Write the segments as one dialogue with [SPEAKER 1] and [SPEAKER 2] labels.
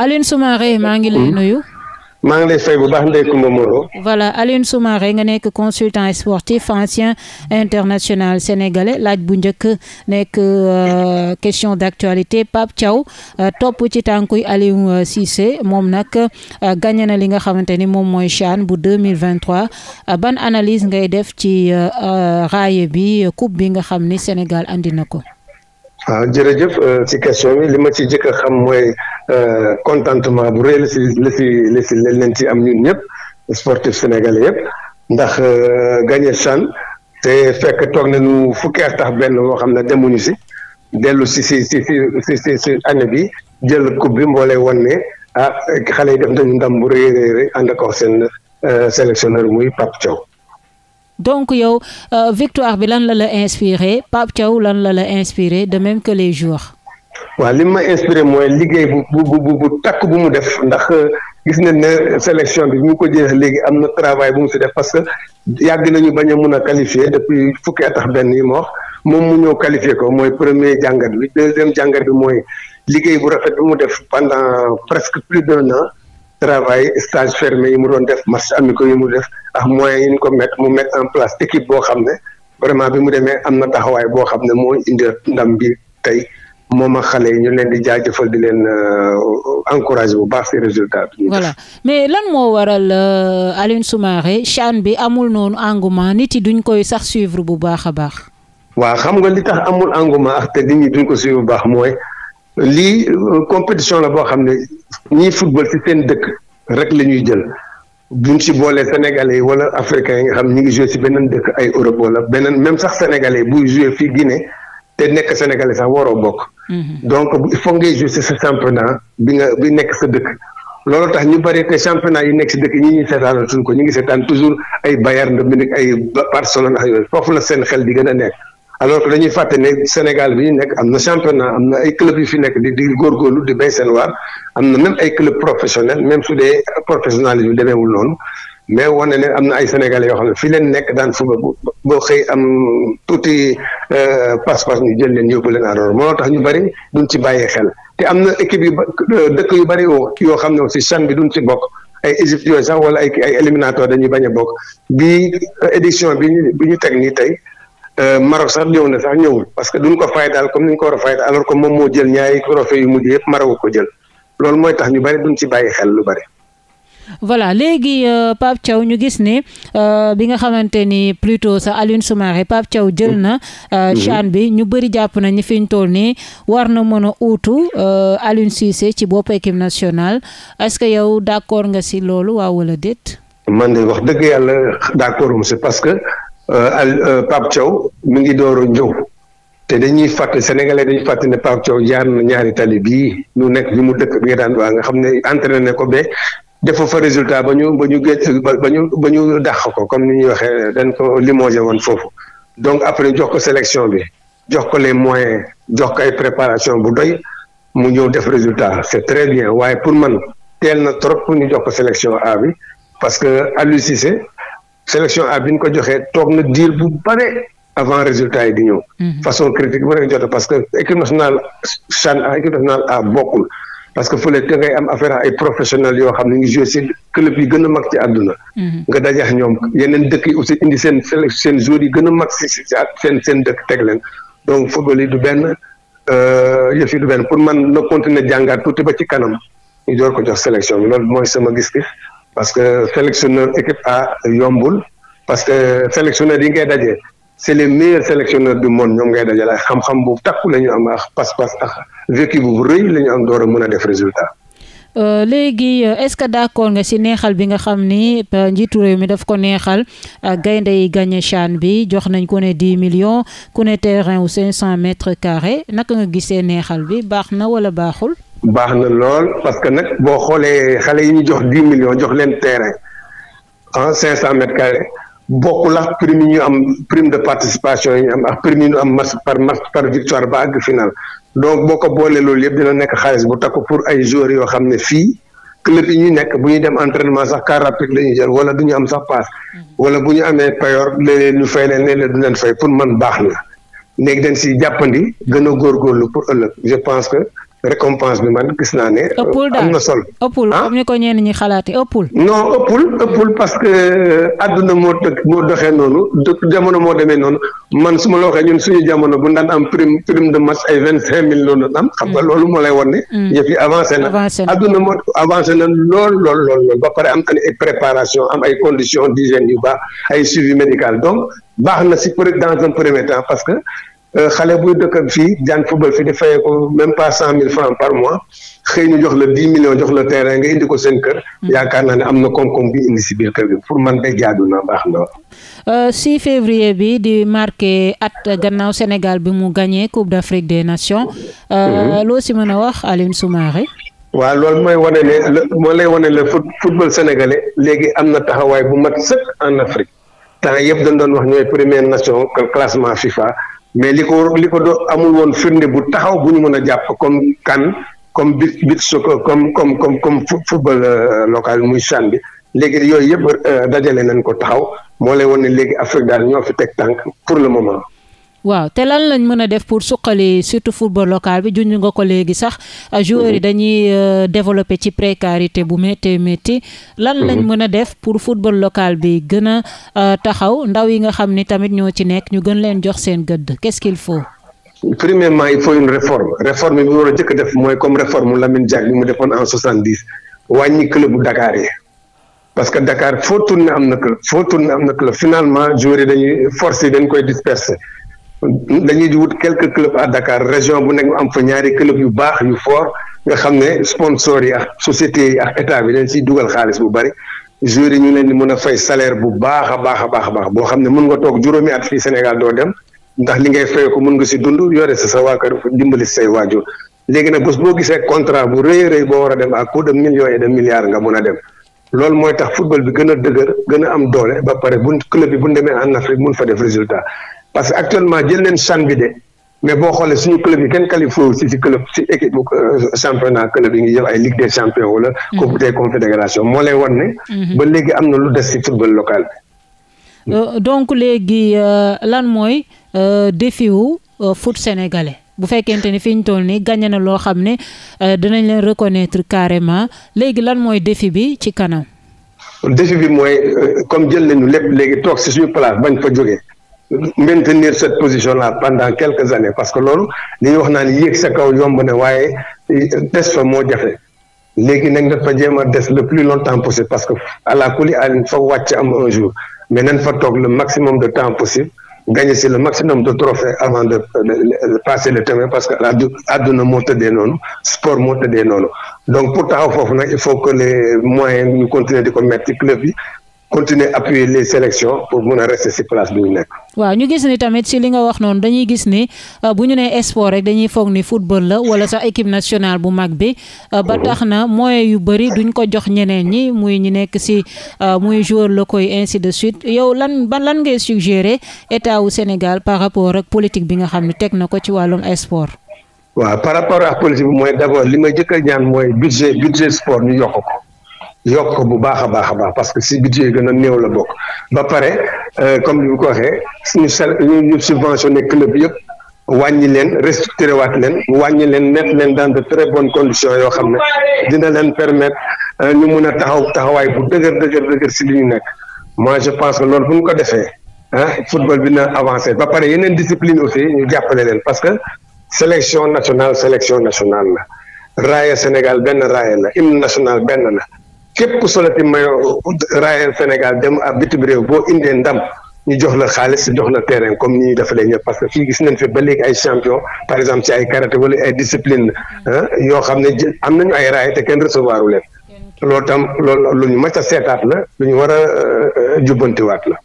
[SPEAKER 1] Alioune Soumaré mm. maa ngi lay mm. nuyu.
[SPEAKER 2] maa ngi lay fay bu baax Ndeye Comba Moreau.
[SPEAKER 1] voilà Alioune Soumaré nga nekk consultant sportif ancien international sénégalais laaj bu njëkk nekk euh, question d'actualité Pape Thiaw euh, topp ci tànkuy Aliou euh, Cissé moom nag gagné na li nga xamante ni moom mooy CHAN bu 2023 ban analyse ngay def ci raaye bi coupe bi nga xam ni Sénégal andi na ko.
[SPEAKER 2] waaw ah, jërëjëf si euh, question bi li ma ci jëkk a xam mooy euh, contentement bu rëy la si la si ci am ñun ñëpp sportif sénégal yëpp ndax euh, gagné CHAN te fekk toog nañu fukki at benn woo xam ne demuñu si dellu si si si si si si année bi jël coupe bi moo lay wan ne ah xale yi def nañu ndam bu rëy rëy ànd ak seen sélectionneur muy Pape Thiaw.
[SPEAKER 1] donc yow euh, victoire bi lan la la inspiré Pape Thiaw lan la la inspiré de même que les joueurs.
[SPEAKER 2] waaw li ma inspiré mooy liggéey bu bu bu bu takk bu mu def ndax euh, gis nañ ne sélection bi mu ko jëlee léegi am na travail bu mu si def parce que yàgg nañu bañ a mun a qualifier depuis fukki at benn yi ma wax moom mu ñëw qualifier ko mooy premier jàngat bi deuxième jàngat bi mooy liggéey bu rafet bu mu def pendant presque plus d'un an travail stage fermé yi mu doon def match amicaux yi mu def ak moyens yi ñu ko met mu mettre en place équipe boo xam ne vraiment bi mu demee am na taxawaay boo xam ne mooy indi ndam bi tey moom a xale yi ñu leen di jaajëfal di leen euh, encouragé bu baax ci résultat voilà
[SPEAKER 1] mais lan moo waral euh, Alioune Soumaré CHAN bi amul noonu engouement nit yi duñ koy sax suivre bu baax a baax.
[SPEAKER 2] waaw xam nga li tax amul engouement ak te nit ñi duñ ko suivre bu baax mooy. lii euh, compétition la boo xam ne ñii football ci seen dëkk rek la ñuy jël buñ ci boolee sénégalais yi wala yi nga xam ñu ngi joué ci beneen dëkk ay Europe wala beneen même sax sénégalais buy joué fii Guinée te nekk sénégalais sax waroo bokk. Mhm. donc il faut ngay sa championnat bi nga bi nekk sa dëkk. loolu tax ñu bari te championnat yi nekk ci dëkk ñi ñu ngi seetaan toujours ay Bayern de Munich ay Barcelone foofu la seen xel di gën a nekk. alors que dañuy fàtte ne Sénégal bi ñu nekk am na championnat am na ay club yu fi nekk di di góorgóorlu di bay seen waar am na même ay club professionnel même su dee professionnalisme demeewul noonu mais wane ne am na ay sénégalais yoo xam ne fi leen nekk daan fuba boo xëy am tuuti euh, passe-passe ñu jël leen yóbbu leen alors moo tax ñu bëri duñ ci bàyyee xel te am na équipe yu dëkk yu bëri yoo xam ne aussi CHAN bi duñ ci bokk ay Égypte yooyu sax wala ay ay dañuy bañ a bokk bii édition bi ñu bi ñu teg nii tey. Euh, Maroc sax ñëw na sax ñëwul parce que duñ ko daal comme ni ñu ko war a fayda alors que moom moo jël ñaari trophée yu mujj yëpp Maroc ko jël loolu mooy tax ñu bari duñ ci bàyyi xel lu
[SPEAKER 1] voilà léegi euh, Pape ñu gis ne euh, bi nga xamante ni plutôt sa Alioune Soumaré Pape Thiaw jël na. Mm-hmm. Euh, mm-hmm. bi ñu bëri jàpp na ñi fi ñu toll nii war na mën a uutu euh, Alioune Cissé ci bopp équipe nationale est-ce que yow d'accord nga si loolu waaw wala déet.
[SPEAKER 2] man de wax dëgg yàlla d'accord si parce que Euh, al euh, Pape Thiaw mi ngi door a te dañuy fàtt sénégalais dañuy fàtt ne Pape Thiaw jaar na ñaari tali bii ñu nekk bi mu dëkk bi nga daan waa nga xam ne ne ko ba defa fa résultat ba ñu ba ñu géej ba ñu ba ñu dàq ko comme ni ñuy waxee dan ko limogé woon foofu donc après jox ko sélection bi jox ko les moyens jox ko ay préparation bu doy mu ñëw def résultat c'est très bien waaye pour man teel na trop pour ñu jox ko sélection A parce que Aliou Cissé sélection A bi ñu ko joxee toog na diir bu bare avant résultat yi di ñëw. Mhm. façon critique bu rek jot parce que équipe nationale CHAN A équipe nationale A bokkul parce que fële da ngay am affaire ay professionnels yoo xam ne ngi joué ci club yi gën a mag ci àdduna. Mhm. nga dajax ñoom yeneen dëkk yi aussi indi seen seen joueurs yi gën a mag ci seen seen dëkk teg leen donc football yi du benn euh, yëf yi du benn pour man na continuer jàngaat tuuti ba ci kanam ñu door ko jox sélection bi loolu mooy sama gis-gis. parce que sélectionneur équipe A yombul parce que sélectionneur yi ngay daje c'est les meilleurs sélectionneurs du monde ñoom ngay dajale ak xam-xam bu takku la ñu am ak pas-pas ak vécu bu rëy la am door a mën a def résultat.
[SPEAKER 1] Euh, léegi euh, est-ce que d'accord nga ci neexal bi nga xam ni euh, njiitu réew mi daf ko neexal gaynde yi gagné CHAN bi jox nañ ku ne dix millions ku ne terrain wu cinq cent mètres carrés naka nga gisee neexal bi baax na wala baaxul.
[SPEAKER 2] baax na lool parce que nag boo xoolee xale yi ñu jox dix millions jox leen terrain en cinq cent mètres carrés bokkul ak prime yi ñu am prime de participation yi ñu am ak prime yi ñu am match par match par victoire ba àgg final donc boo ko boolee loolu yëpp dina nekk xaalis bu takku pour ay joueurs yoo xam ne fii club yi ñu nekk bu ñuy dem entraînement sax car rapide la ñuy jël wala du ñu am sax passe wala bu ñu amee payoor léeg-léeg ñu fay leen léeg-léeg du leen pour man baax na léegi dañ si jàppandi gën a góorgóorlu pour ëllëg je pense que récompense bi man gis naa ne. Euh, ëppul daal am na sol
[SPEAKER 1] ëppul ah? comme ni ko ñenn ñi xalaatee ëppul. non
[SPEAKER 2] ëppul ëppul parce que euh, àdduna moo dëkk moo doxee noonu jamono moo demee noonu man su ma la waxee ñun suñu jamono bu ndaan am prime prime de match ay vingt cinq mille loolu am. xam nga mm. loolu moo lay wan ne. Mm. yëf yi avancé na avancé na àdduna moo avancé na lool lool lool ba pare am ay préparation am ay conditions d'hygiène yu baax ay suivi médical donc baax na si peut dans un premier Euh, xale buy dëkk ak fii jàng football fii di fayee ko même pas cent mille francs par mois xëy ñu jox la dix millions jox la terrain nga indi ko seen kër. Hmm. yaakaar naa ne am na koom-koom bi indi si biir kër gi pour man de jaadu na baax
[SPEAKER 1] na. 6 euh, février bi di marqué at gannaaw Sénégal bi mu gagné Coupe d'Afrique des Nations. Euh, hmm. loo si mën a wax Alioune Soumaré.
[SPEAKER 2] waa lool mooy wane ne moo lay wane le football sénégalais léegi am na taxawaay bu mat sëkk en Afrique temps yëpp dañ doon wax ñooy première nation mais li ko li ko do amul woon firnde bu taxaw bu ñu mën a jàpp comme kan comme bit bit soccer comme comme comme comme football euh, locale muy chan bi léegi yooyu yëpp euh, dajale nañ ko taxaw moo lay woon ne léegi Afrique daal ñoo fi teg tànk pour le moment
[SPEAKER 1] waaw te lan lañ mën a def pour suqali surtout football local bi junj nga ko léegi sax a joueurs yi mhm. dañuy euh, développer ci précarité bu métti métti lan lañ mhm. mën a def pour football local bi gën a euh, taxaw ndaw yi nga xam ni tamit ñoo ci nekk ñu gën leen jox seen gëdd qu'est-ce qu'il faut
[SPEAKER 2] premièrement il faut une réforme réforme bi war a jëkk def mooy comme réforme Lamine Diack bi mu defoon en soixante dix wàññi club Dakar yi parce que Dakar foo tourné am na club am na club finalement joueurs dañuy force dañ koy disperser dañuy wut quelques clubs à Dakar région bu nekk am fa ñaari club yu baax yu foor nga xam ne sponsors yi ak sociétés yi ak état bi dañ siy dugal xaalis bu bari joueurs yi ñu leen di mën a fay salaire bu baax a baax a baax a baax boo xam ne mën nga toog juróomi at fii Sénégal doo dem ndax li ngay fay ko mën nga si dund yore sa sa waa kër dimbali say waajur léegi nag bés boo gisee contrat bu rëy a boo war a dem à ku de millions et de milliards nga mun a dem loolu mooy tax football bi gën a dëgër gën a am doole ba pare bu club bi bu demee en Afrique mun fa def résultat parce que actuellement jël leen san bi de mais boo xoolee suñu club yi kenn qualifié wu si si club si équipe euh, championnat club yi ngi jël ay ligue des champions wala mm-hmm. coupe des confédérations moo lay wan ne mm-hmm. ba léegi am na lu des si football local
[SPEAKER 1] bi euh, donc léegi euh, lan mooy défi wu foot sénégalais bu fekkente ni fi ñu toll nii gagné na loo xam ne dinañ leen reconnaître carrément léegi lan mooy défi bi ci kanam
[SPEAKER 2] défi bi mooy comme jël nañu lépp léegi toog si suñu place bañ fa jógee maintenir cette position là pendant quelques années parce que loolu li ñuy wax naan yéeg sa kaw yomb na waaye des fa moo jafe léegi nag dafa jéem a des le plus longtemps possible parce que la kuli àlin fa wàcc am un jour mais nañ fa toog le maximum de temps possible gagner si le maximum de trophées avant de, de, de passer le terrain parce que àdduna moo tëddee noonu sport moo tëddee noonu donc pour taxaw foofu nag il faut que les moyens ñu continuer di ko mettre ci club continuer appuyer les sélections pour mun a rester ci place bi ñu nekk.
[SPEAKER 1] waaw ñu gis ni tamit si li nga wax noonu dañuy gis ni euh, bu ñu nee sport rek dañuy foog ni football la wala sax équipe nationale bu mag bi euh, ba mhm. tax na moyens yu bëri duñ ko jox ñeneen ñi muy ñu nekk ci euh, muy joueur locaux yi ainsi de suite yow lan ban lan ngay suggérer état wu Sénégal par rapport ak politique bi nga xam ne teg na ko ci wàllum sport.
[SPEAKER 2] waaw par rapport ak politique bi mooy d'abord li ma jëkk a ñaan mooy budget budget sport ñu yokk ko bu baax a baax a baax parce que si budget gën a néew la bokk ba pare euh, comme ni mu ko waxee ñu sel ñu subventionné club yëpp wàññi leen restructuré waat leen wàññi leen net leen dans de très bonnes conditions yoo xam ne dina leen permettre euh, ñu mun a taxaw taxawaay bu dëgër dëgër dëgër si li ñu mois je pense que loolu bu ñu ko defee ah football bi na avancer ba pare yeneen discipline aussi ñu jàppale leen parce que sélection nationale sélection nationale la raaya Sénégal benn raaya la hymne national benn la képp solati mayo raayal Sénégal dem ab bitim réew boo indee ndam ñu jox la xaalis jox la terrain comme ni ñuy defalee ñëpp parce que fii gis nañ fi ba léegi ay champion par exemple ci ay karaté wala ay discipline yoo xam ne am nañu ay raay te kenn recevoir leen loolu tam loolu lu ñu mës a seetaat la lu ñu war a euh, euh, jubbantiwaat la.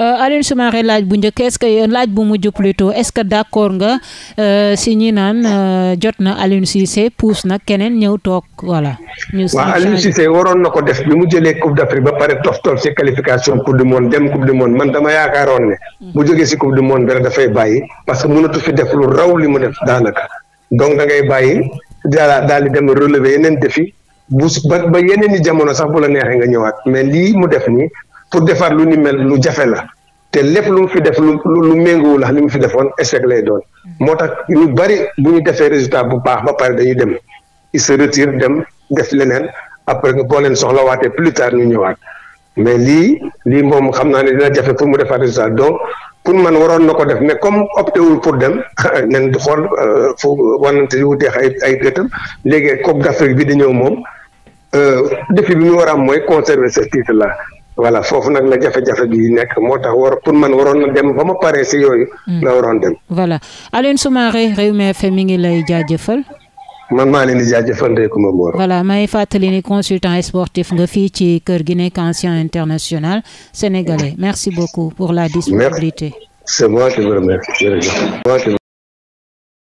[SPEAKER 1] Euh, Aliou Soumaré laaj bu njëkk est-ce que laaj bu mujj plutôt est-ce que d'accord nga euh, si ñi naan euh, jot na Aliou Cissé puus nag keneen ñëw toog voilà. ñu waaw Aliou Cissé
[SPEAKER 2] waroon na ko def bi mu jëlee Coupe d'Afrique ba pare toftal si qualification Coupe du Monde dem Coupe du Monde man dama yaakaaroon ne. bu jógee si Coupe du Monde bi dafay bàyyi parce que mënatu fi def lu raw li mu def daanaka donc da ngay bàyyi daal daal di dem relever yeneen défi bu ba yeneen i jamono sax bu la neexee nga ñëwaat mais lii mu def nii pour defar lu ni mel lu jafe la te lépp lu mu fi def lu lu méngoowul ak li mu fi defoon échec lay doon moo tax ñu bari bu ñu defee résultat bu baax ba pare dañuy dem il se retire dem def leneen après nga boo leen soxla soxlawaatee plus tard ñu ñëwaat mais lii lii moom xam naa ne dina jafe pour mu defar résultat donc pour man waroon na ko def mais comme opté wul pour dem nañ xool euh, fu wanante yu wuteex ay ay gëtam léegi Coupe d'Afrique bi di ñëw moom euh, défi bi mu war a am mooy conserver ce titre voilà foofu nag la jafe-jafe bi nekk moo tax war pour man waroon na dem ba ma paree si yooyu. Mm. la waroon dem.
[SPEAKER 1] voilà Alioune Soumaré Rewmi FM mi ngi lay jaajëfal.
[SPEAKER 2] man maa leen di jaajëfal Ndeye Comba Moreau.
[SPEAKER 1] voilà may fàttali ni consultant sportif nga fii ci kër gi nekk ancien international sénégalais merci beaucoup pour la disponibilité. Merci. C'est moi qui vous remercie.